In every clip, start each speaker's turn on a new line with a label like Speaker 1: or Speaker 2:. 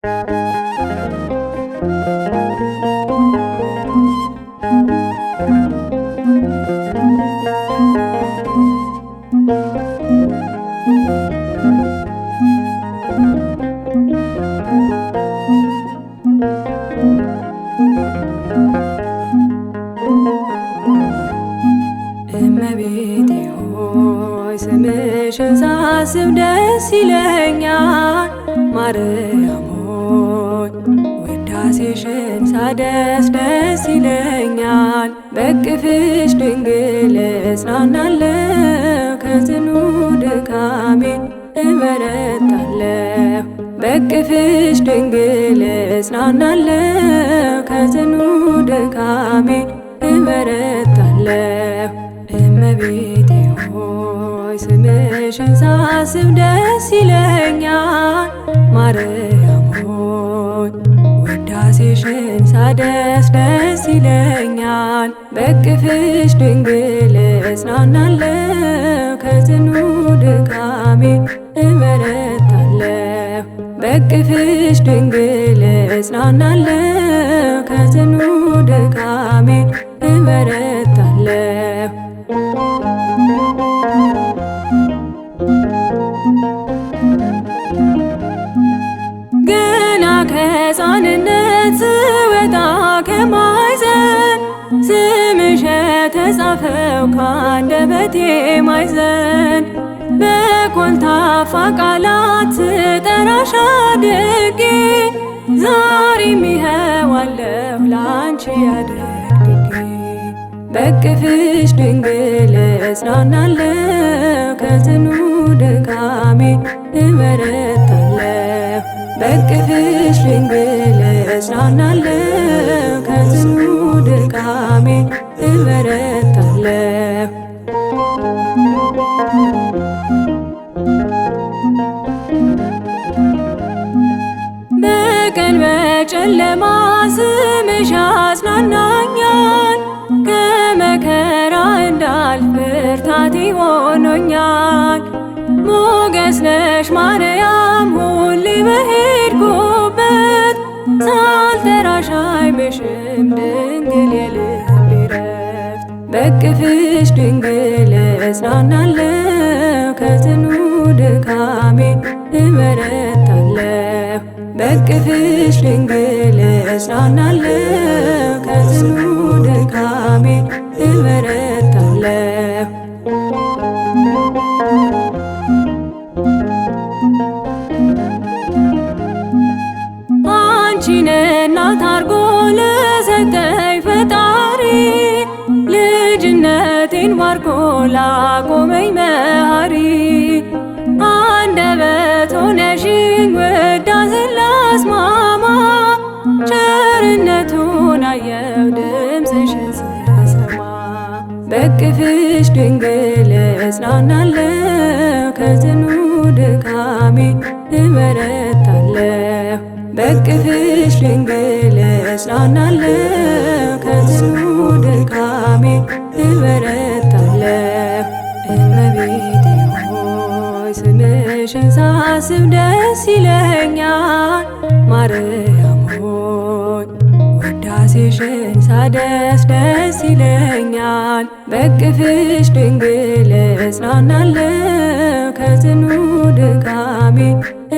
Speaker 1: እመቤቴ ሆይ ስምሽን ሳስብ ደስ ይለኛል ማረ ደስ ደስ ይለኛል በቅፍሽ ድንግል እጽናናለሁ ከጽኑ ድካሜ እበረታለሁ በቅፍሽ ድንግል እጽናናለሁ ከጽኑ ድካሜ እበረታለሁ እመቤቴ ሆይ ስምሽን ሳስብ ደስ ይለኛል ማረ ሞገስሽን ሳደስ ደስ ይለኛል። በቅፍሽ ድንግል እጽናናለሁ፣ ከጽኑ ድካሜ እበረታለሁ። በቅፍሽ ድንግል እጽናናለሁ፣ ከጽኑ ድካሜ እበረ
Speaker 2: ከማይዘን ስምሽ ተጻፈው ካንደበቴ ማይዘን በኮልታፋ ቃላት ስጠራሽ አድጌ ዛሬም ይኸዋለሁ ላንቺ አድርጌ በቅፍሽ ድንግል እጽናናለሁ ከጽኑ ድካሜ እበረታለሁ በቅፍሽ ድንግል እጽናናለሁ እበረታለሁ። በቀን በጨለማ ስምሽ አጽናናኛል። ከመከራ እንዳልፍ ብርታት ሆኖኛል። ሞገስ ነሽ ማርያም ሁሌ በሄድኩበት ሳልተራሻይ አይምሽም ድንግል ባረቅፍሽ ድንግል እጽናናለሁ፣ ከጽኑ ድካሜ እበረታለሁ። በቅፍሽ ድንግል እጽናናለሁ፣ ከጽኑ ድካሜ እበረታለሁ። አንቺን እናት አድርጎ ለሰጠ እምነቴን ባርኮ ላቆመኝ መሃሪ አንደበት ሆነሽኝ ውዳሴን ላስማማ ቸርነቱን አየው ድምፅሽን ስሰማ በቅፍሽ ድንግል እጽናናለሁ ከጽኑ ድካሜ እበረታለሁ በቅፍሽ ድንግል እጽናናለሁ እበረታለሁ። እመቤቴ ሆይ ስምሽን ሳስብ ደስ ይለኛል። ማርያም ሆይ ውዳሴሽን ሳደርስ ደስ ይለኛል። በቅፍሽ ድንግል እጽናናለሁ ከጽኑ ድካሜ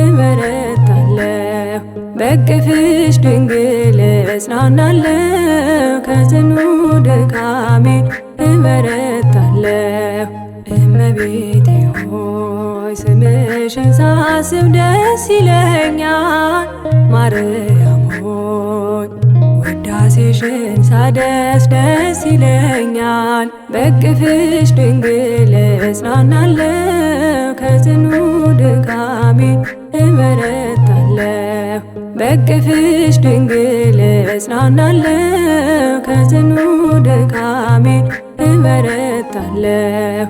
Speaker 2: እበረታለሁ። በቅፍሽ ድንግል እጽናናለሁ ከጽኑ ድካሜ እመረታለሁ እመቤቴ ሆይ ስምሽን ሳስብ ደስ ይለኛል። ማርያም ሆይ ውዳሴሽን ሳደስ ደስ ይለኛል። በቅፍሽ ድንግል እጽናናለሁ ከጽኑ ድካሜ እመረ በቅፍሽ ድንግል እጽናናለሁ፣ ከጽኑ ድካሜ እበረታለሁ።